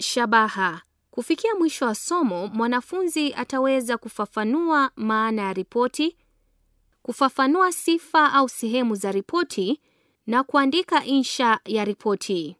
Shabaha: kufikia mwisho wa somo, mwanafunzi ataweza kufafanua maana ya ripoti, kufafanua sifa au sehemu za ripoti na kuandika insha ya ripoti.